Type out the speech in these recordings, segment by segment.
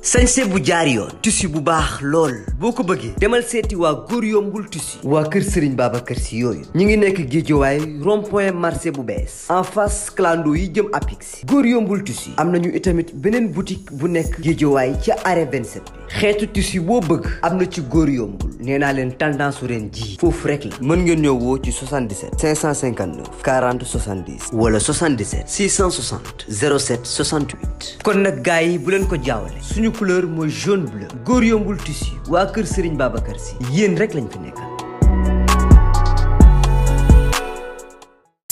sañse bu jaar yoon tissu bu baax lool boo ko bëggee demal seeti waa góor yombul tissu waa kër Serigne kër si yooyu ñu ngi nekk Guédiawaye rond point bu bees en face clando yi jëm si góor yombul tissu am na ñu itamit beneen boutique bu nekk Guédiawaye ca arrêt 27 bi xeetu tissu boo bëgg am na ci góor yombul nee naa leen tendance su ren ji foofu rek la mën ngeen ñëw woo ci 77 559 40 70 wala 77 660 07 68 kon nag gars yi bu leen ko jaawale suñu couleur mooy jaune bleu góor yombul tissu waa kër Serigne Babacar Sy yéen rek lañ fi nekkal.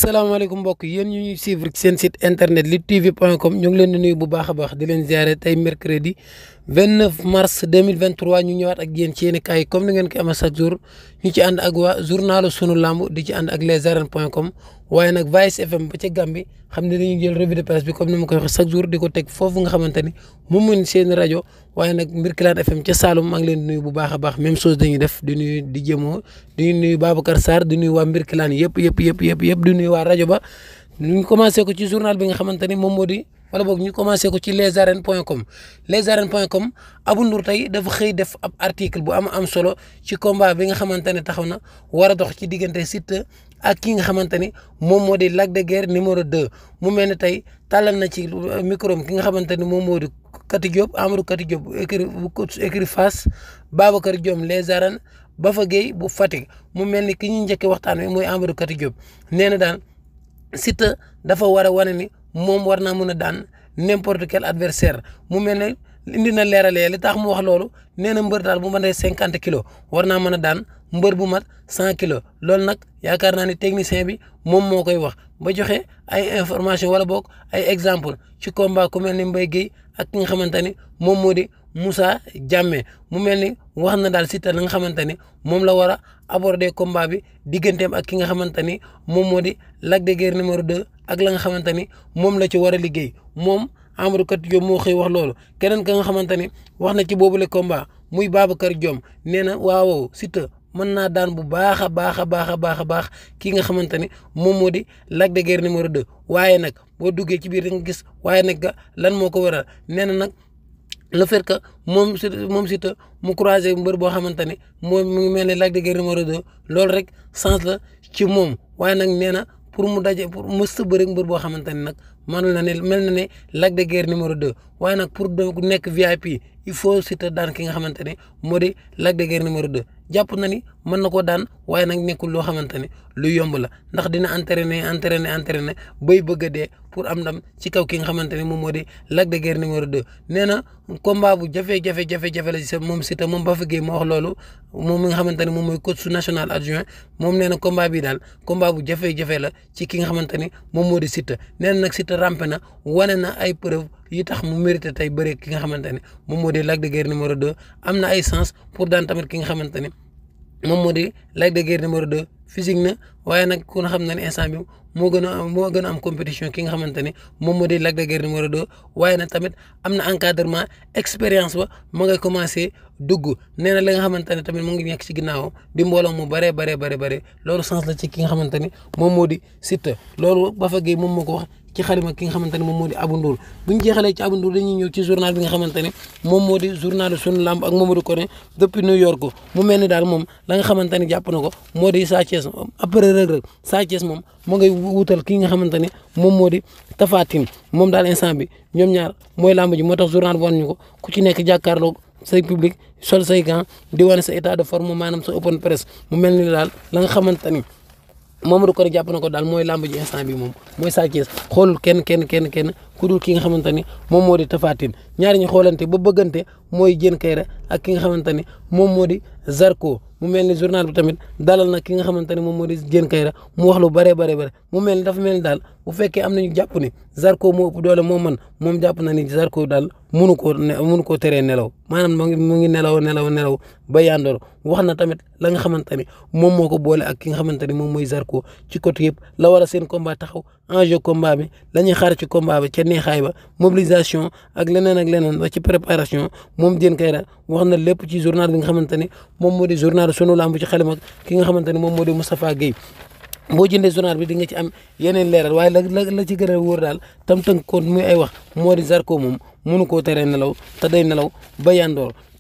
salaamaaleykum mbokk yéen ñu ñuy suivre seen site internet luttetv.com ñu ngi leen di nuyu bu baax a baax di leen ziare tey mercredi. 29 mars 2023 ñu ñëwaat ak yéen ci yéen kaay comme ni ngeen ko amee chaque jour ñu ci ànd ak waa journalu sunu lamb di ci ànd ak les arènes point waaye nag Vice FM ba ca Gambie xam ne dañuy jël revue de presse bi comme ni ma koy waxee chaque jour di ko teg foofu nga xamante ni moom mooy seen rajo waaye nag Mbirkilaan FM ca Saloum maa leen di bu baax a baax même chose dañuy def di nuyu di jëmoo di nuyu Babacar di nuyu waa Mbirkilaan yëpp yëpp yëpp yëpp yëpp di nuyu rajo ba ñu commencé ko ci journal bi nga xamante ni moom moo di. wala boog ñu commencé ko ci les lesarènes.com lesarènes.com Abou Ndour tey dafa xëy def ab article bu am am solo ci combat bi nga xamante ne taxaw na war dox ci diggante Siteu ak ki nga xamante ni moom moo di Lac de numéro 2 mu mel ne tey tàllal na ci micro ki nga xamante ni moom moo di Kati Diop Amadou Kati Diop bu écrit bu écrit Fass Babacar Diom les arènes Bafa Gueye bu Fatick mu mel ni ki ñu njëkkee waxtaan wi mooy Amadou Kati Diop nee na daal Siteu dafa war a wane ni. moom war naa mën a daan n'importe quel adversaire mu mel ne indi na leeralee li tax mu wax loolu nee na mbër daal bu matee cinquante kilos war naa mën a daan mbër bu mat cent kilos loolu nag yaakaar naa ne technicien bi moom moo koy wax ba joxe ay information wala boog ay exemple ci combat ku mel ni mbay Guèye ak ki nga xamante ni moom moo di Moussa Diame mu mel ni wax na daal Siteu la nga xamante ni moom la war a aborder combat bi digganteem ak ki nga xamante ni moom moo di Lac de numéro 2 ak la nga xamante ni moom la ci war a liggéey moom Amadou Kat Diop moo xëy wax loolu keneen ka nga xamante ni wax na ci boobu boobule combat muy Babacar Diom nee na waaw Siteu mën naa daan bu baax a baax a baax a baax a baax kii nga xamante ni moom moo di Lac de Guiers numéro 2 waaye nag boo duggee ci biir da nga gis waaye nag lan moo ko waral nee na nag le fait que moom si moom Siteu mu croisé mbër boo xamante ni moom mu ngi mel ne Lac de Guiers numéro 2 loolu rek sens la ci moom waaye nag nee na. pour mu daje pour mës a bëri mbër boo xamante ne nag mën na ne mel na ne Lac de Guiers numéro 2 waaye nag pour nekk VIP il faut Siteu daan ki nga xamante ne moo di Lac de Guiers numéro 2 jàpp na ni mën na koo daan waaye nag nekkul loo xamante ne lu yomb la ndax dina entraîner entraîner entraîner bay bëgg a dee pour am ndam ci kaw ki nga xamante ne moom moo di Lac de Guiers numéro 2. nee na combat bu jafe-jafe jafe-jafe la ci sa moom Siteu moom Bafa Guèye moo wax loolu mi nga xamante ne moom mooy coach national adjoint moom nee na combat bi daal combat bu la ci ki nga xamante ne moom moo di Siteu nee na nag Siteu rampe na wane na ay preuve. yi tax mu mérité tey bëre ki nga xamante ne moom moo di Lac de Guiers numéro do am na ay sens pour daan tamit ki nga xamante ne moom moo di Lac de Guiers numéro 2 physique na waaye nag ku nga xam ne instant moo gën a moo gën a am compétition ki nga xamante ne moom moo di Lac de Guiers numéro 2 waaye nag tamit am na encadrement expérience ba mu ngay commencé dugg nee na li nga xamante ne tamit mu ngi nekk ci ginnaawam di mbooloo mu bare baree bare bëri loolu sens la ci ki nga xamante ne moom di Siteu loolu Bafa Gueye moom moo ko wax ci xalima ki nga xamante ne moom moo di Abou Ndour bu ñu jeexalee ci ci journal bi nga moom moo di journal sunu lamb ak Mamadou Koné depuis New York mu mel ni daal moom la nga xamante ne jàpp na ko moo di Sa moom moo ngay wutal ki moo di moo tax journal bi wan ñu ko ku ci nekk jàkkaarloog say public sol say gants di wane sa état de forme maanaam sa open press mu mel ni daal la nga Mamadou Koré jàpp na ko daal mooy làmb ji instant bi moom mooy Sa Thiès xoolul kenn kenn kenn kenn ku dul ki nga xamante ni moom moo di tafaatin ñaari ñu xoolante ba bëggante mooy Diène Kaïré ak ki nga xamante ni moom moo di Zarko mu mel ni journal bi tamit dalal na ki nga xamante ni moom moo di Diène Kaïré mu wax lu bëree bëri bëri mu mel ni dafa mel ni daal bu fekkee am nañu jàpp ni Zarko moo ko doole moom man moom jàpp na ni Zarko daal munu koo munu koo teree nelaw maanaam mu ngi mu ngi nelaw nelaw nelaw ba yàndoor wax na tamit la nga xamante ni moom moo ko boole ak ki nga xamante ni moom mooy Zarko ci côté yëpp la war a seen combat taxaw enjeu combat bi la ñuy xaar ci combat bi ca neexaay ba mobilisation ak leneen ak leneen ba ci préparation moom Diène Kaïré wax na lépp ci journal bi nga xamante ne moom moo di journal sunu lamb ci xelam ak nga xamante ne moom moo di Moustapha Guèye boo jëndee journal bi di nga ci am yeneen leeral waaye la la ci gën a wóor daal tam tënk koon muy ay wax moo di Zarko moom mënu koo teree nelaw te day nelaw ba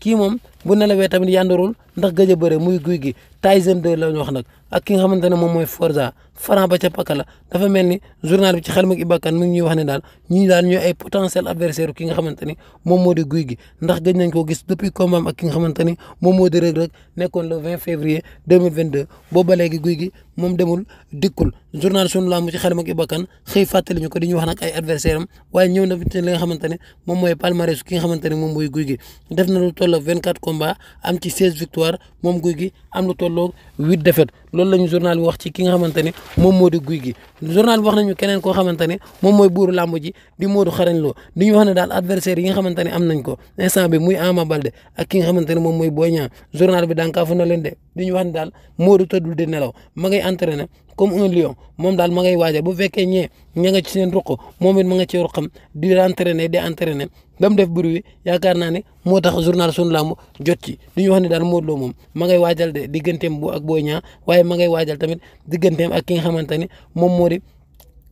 kii moom bu nelawee tamit yandoorul ndax gëj a bëre muy guy gi Tyson 2 la ñu wax nag ak ki nga xamante ne moom mooy Forza Franc ba ca Pakala dafa mel ni journal bi ci xel Ibakan mi ngi ñuy wax ne daal ñii daal ñooy ay potentiel adversaire ki nga xamante ni moom moo di guy gi ndax gëj nañ koo gis depuis combat ak ki nga xamante ni moom moo di Reug Reug nekkoon le 20 février 2022 boobu ba guy gi moom demul dikkul journal sunu la ci xel mag Ibakan xëy fàttali ñu ko di ñu wax nag ay adversaire am waaye ñëw na li nga xamante ne moom mooy palmarès ki nga xamante ne moom mooy guy gi def na lu la vingt quatre combats am ci seize victoire moom guy gi am lu tolloog huit défaites loolu lañu journal bi wax ci ki nga xamante ne moom moo di guy gi journal wax nañu keneen koo xamante ne moom mooy buuru làmb ji di Modou Xarañ loo di ñu wax ne daal adversaire yi nga xamante ne am nañ ko instant bi muy Ama Balde ak ki nga xamante ne moom mooy booy Boy Niang journal bi daankaafu na leen de di ñu wax ne daal Modou tëddul di nelaw ma ngay comme un lion moom daal ma ngay waajal bu fekkee ñee ña nga ci seen moom it ma nga ci ruqam di entraîné di entraîné ba mu def bruit yaakaar naa ne moo tax journal sunu làmb jot ci di ñu wax ne daal Modou loo moom ma ngay waajal de digganteem bu ak Boy Niang waaye waaye ma ngay waajal tamit digganteem ak ki nga xamante ne moom moo di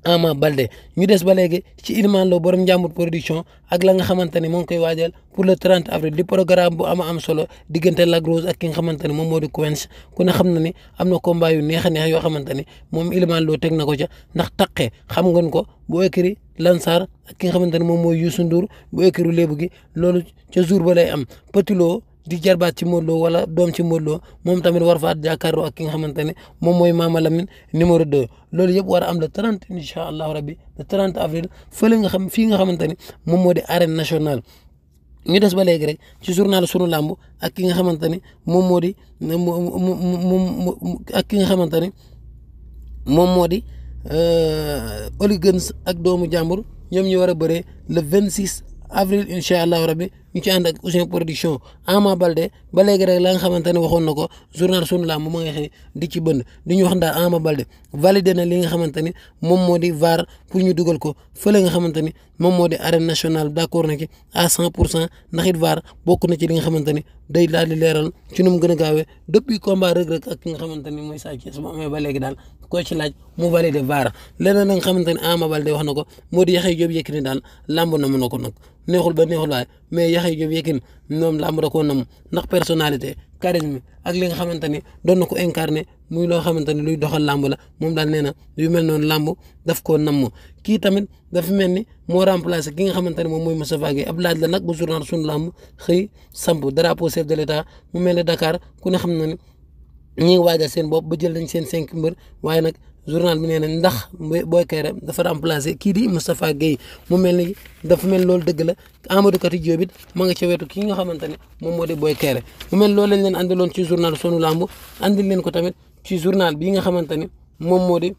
Ama Balde ñu des ba léegi ci Ilimane Lo borom njàmbur production ak la nga xamante ne moo ngi koy waajal pour le 30 avril di programme bu ama am solo diggante Lac ak ki nga xamante ne moom moo di Quench ku ne xam na ni am na combat yu neex a neex yoo xamante ne moom Ilimane Lo teg na ko ca ndax taqe xam ngeen ko bu écrit Lansar ak ki nga xamante ne moom mooy Youssou Ndour bu écrit léebu gi loolu ca jour ba lay am Petit di jarbaat ci Modou Lo wala doom ci Modou moom tamit war faat jàkkaarloo ak ki nga xamante ne moom mooy maamalam Lamine numéro 2 loolu yëpp war a am le 30 incha allahu rabbi le 30 avril fële nga xam fii nga xamante ne moom moo di arène nationale. ñu des ba léegi rek ci journal sunu làmb ak ki nga xamante ne moom moo di moom ak ki nga xamante ne moom moo di euh, Oligans ak doomu jàmbur ñoom ñu war a bëree le 26 avril incha allahu rabbi ñu ci ànd Production Ama Balde ba léegi rek la nga xamante ne waxoon na ko journal sunu lamb mu nga xëy di ci bënn di ñu wax ndax Ama Balde validé na li nga xamante ni moom moo VAR pour ñu dugal ko fële nga xamante ni moom moo di arène nationale d' na ci à cent pour cent ndax it VAR bokk na ci nga xamante ni day daal di leeral ci nu mu a gaawee depuis combat Reug Reug ak ki nga xamante ni mooy Sa Thiès ba daal wax na ko moo di Yaxya Jóob Yékini na mu na mais Yaxya Jóob Yékini ñoom làmb da koo nam ndax personnalité charisme ak li nga xamante ni doon na ko incarné muy loo xamante ni luy doxal làmb la moom daal nee na yu mel noon làmb daf koo namm kii tamit dafa mel ni moo remplacé ki nga xamante ne moom mooy Moustapha ab laat la nag bu journal suñu làmb xëy samp drapeau chef de l'État mu mel ne Dakar ku ne xam na ni waaja seen bopp bu jël nañ seen cinq mbër waaye nag journal bi nee na ndax Boy Kayre dafa remplacé kii di Moustapha Guèye mu mel ni dafa mel loolu dëgg la Amadou Kati Diop it ma nga ca wetu ki nga xamante ne moom moo di Boy Kayre mu mel loolu lañ leen andiloon ci journal sunu làmb andil leen ko tamit ci journal bi nga xamante ne moom moo di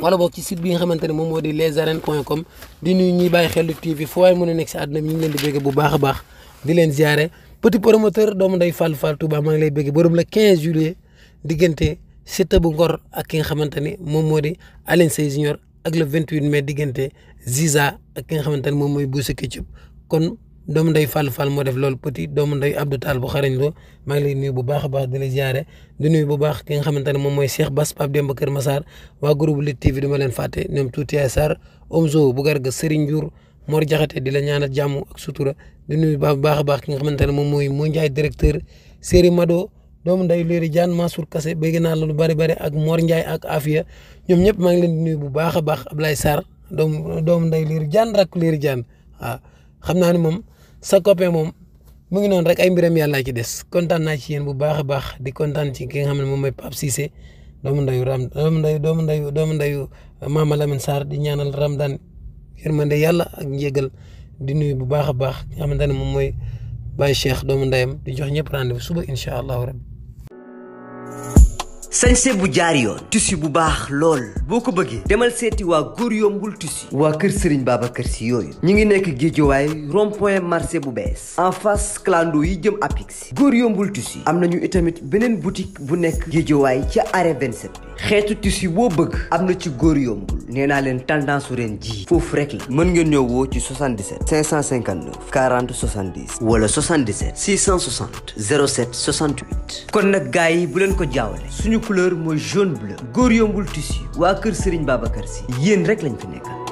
wala boog ci site bi nga xamante ne moom moo di lesarènes.com di nuyu ñuy bàyyi xel Lutte TV fu waay mën a nekk si àdduna bi ñu ngi leen di bégg bu baax a baax di leen ziare petit promoteur doomu nday Fall Fall Touba maa ngi lay bégg borom la 15 juillet diggante. Siteu bu Ngor ak ki nga xamante ni moom moo di Alioune Sèye Junior ak le 28 mai diggante Ziza nga xamante ni moom mooy Boussa Ketchup kon doomu nday Fall Fall moo de loolu petit doomu nday Abdou Tall bu xarañ loo maa ngi lay nuyu bu baax a baax di la ziare di nuyu bu baax ki nga xamante ne moom mooy Cheikh Bass Pape Demba Kër Massar waa groupe Lutte TV du ma leen fàtte ñoom tuuti ay Sarr Omzo bu garga Serigne Ndiour Mor Jaxate di la ñaanal jàmm ak sutura di nuyu baax a baax ki nga xamante ne moom mooy moo Ndiaye directeur Serigne Mado doomu nday liiru Diane Mansour Kassé bëgg naa la lu bari bari ak moor Ndiaye ak Afia ñoom ñëpp maa ngi leen di nuyu bu baax a baax Ablaye saar doomu doomu nday Lirou Diane rakk Lirou Diane waaw xam naa ne moom sa copain moom mu ngi noonu rek ay mbiram yàlla ci des kontaan naa ci yéen bu baax a baax di kontaan ci ki nga xam ne moom mooy Pape Cissé doomu ndeyu Ram doomu ndeyu doomu ndeyu doomu ndeyu Mama Lamine di ñaanal Ramadan yërmande yàlla ak njégal di nuyu bu baax a baax nga xamante ne moom mooy Baye Cheikh doomu ndeyam di jox ñëpp rendez-vous suba incha allahu rabbi sañse bu jaar yoon tissu bu baax lool boo ko bëggee demal seeti waa góor yombul tissu waa kër Serigne kër Sy yooyu ñu ngi nekk Guédiawaye rond point bu bees en face clando yi jëm apix góor yombul tissu am nañu itamit beneen boutique bu nekk Guédiawaye ci arrêt 27 bi xeetu tissu boo bëgg am na ci góor yombul nee naa leen tendance reen ren foofu rek la mën ngeen ñëw woo ci 77 559 40 70 wala 77 660 07 68 kon nag gars yi bu leen ko jaawale suñu couleur mooy jaune bleu góor yombul tissu waa kër Serigne Babacar Sy yéen rek lañ fi nekkal.